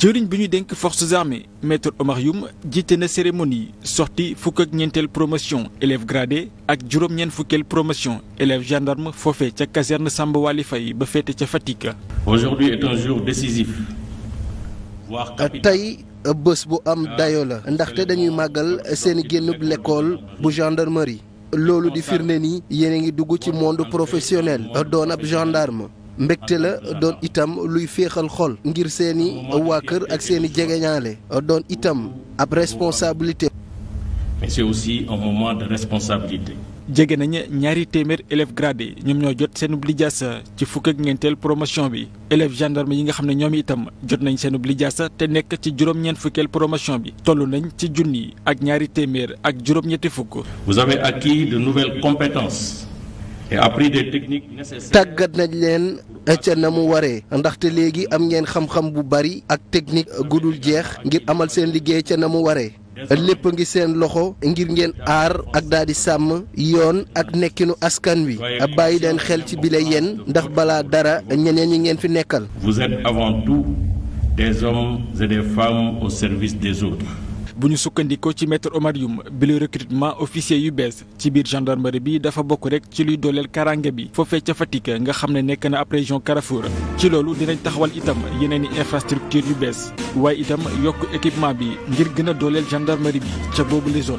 jëriñ bi ñu denk forces armées maître Omar Youm jiite na cérémonie sorti fukk ak ñeenteel promotion élèves gradés ak juróom-ñeent fukkeel promotion élèves gendarme foofee ca caserne Samba Wali ba féete ca Fatick. aujourd'hui est euh, tey euh, bés bu am ah, dayo la ndaxte dañuy màggal euh, seen génnub lekkool bu gendarmerie. loolu di firnde nii yéen a ngi dugg ci monde professionnel doon ab gendarme mbégte la doon itam luy féexal xol ngir seeni waa kër ak seeni jegeñaale doon itam ab responsabilité aussi un moment de responsabilité. jege nañu ñaari téeméer élèves gradés ñoom ñoo jot seen lijaasa ci fukk ak ñeenteel promotion bi élèves gendarme yi nga xam ne ñoom itam jot nañ seen lijaasa te nekk ci juróom-ñeent fukkeel promotion bi toll nañ ci junni ak ñaari téeméer ak juróom-ñetti fukk. vous avez acquis de nouvelles compétences. tàggat nañ leen ca na mu waree ndaxte léegi am ngeen xam-xam bu bari ak technique gudul jeex ngir amal seen liggéey ca na mu waree. lépp a ngi seen loxo ngir ngeen aar ak daal di sàmm yoon ak nekkinu askan wi bàyyi leen xel ci bile yéen ndax balaa dara ñeneen yi ngeen fi nekkal. Vous êtes avant service des autres. bu ñu sukkandiku ci maître Omar Youm bi lu recrutement yu bees ci biir gendarmerie bi dafa bokk rek ci luy dooleel karange bi foofee ca Fatick nga xam ne nekk na ab région Carrefour ci loolu dinañ taxawal itam yeneen i infrastructure yu bees waaye itam yokk équipement bi ngir gën a dooleel gendarmerie bi ca boobu les